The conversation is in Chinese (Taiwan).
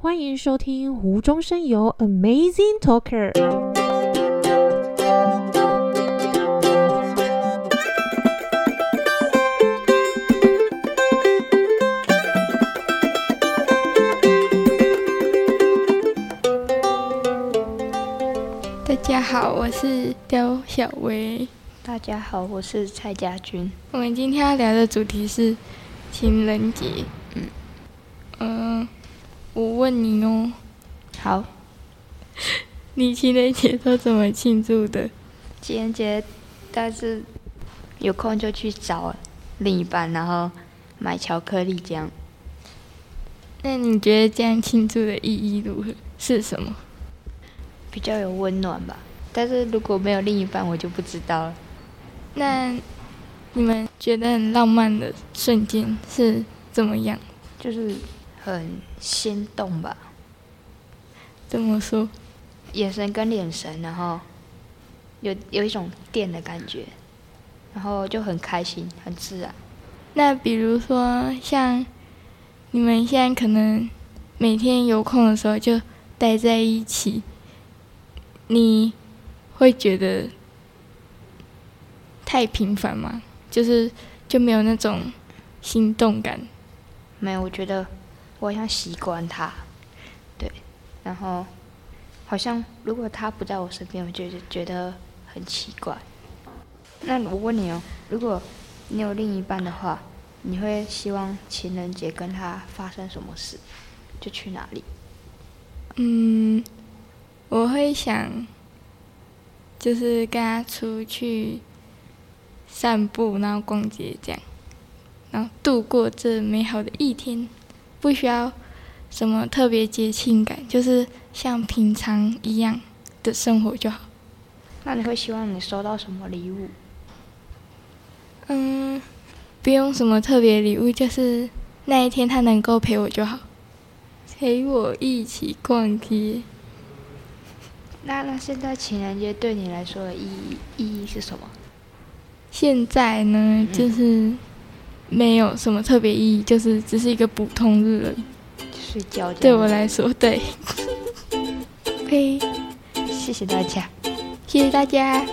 歡迎收聽《無中生有》Amazing Talker。大家好，我是刁筱唯。大家好，我是蔡佳君。我們今天要聊的主題是情人節。嗯嗯。呃我問你哦，好，你情人節都怎麼慶祝的？情人節，但是有空就去找另一半，然後買巧克力這樣。那你覺得這樣慶祝的意義如何？是什麼？比較有溫暖吧。但是如果沒有另一半，我就不知道了。那你們覺得很浪漫的瞬間是怎麼樣？就是。很心動吧？怎麼說？眼神跟臉神，然後有有一種電的感覺，然後就很開心，很自然。那比如說像你們現在可能每天有空的時候就待在一起，你會覺得太平凡嗎？就是就沒有那種心動感？沒有，我覺得。我好像習慣他，對，然後好像如果他不在我身邊，我就覺得很奇怪。那我問你哦，如果你有另一半的話，你會希望情人節跟他發生什麼事？就去哪裡？嗯，我會想，就是跟他出去散步，然後逛街這樣，然後度過這美好的一天。不需要什麼特別節慶感，就是像平常一樣的生活就好。那你會希望你收到什麼禮物？嗯，不用什麼特別禮物，就是那一天他能夠陪我就好，陪我一起逛街。那那現在情人節對你來說的意義意義是什麼？現在呢，就是，嗯沒有什麼特別意義，就是只是一個普通日子。睡覺。對我來說，對。嘿， 謝謝大家，謝謝大家。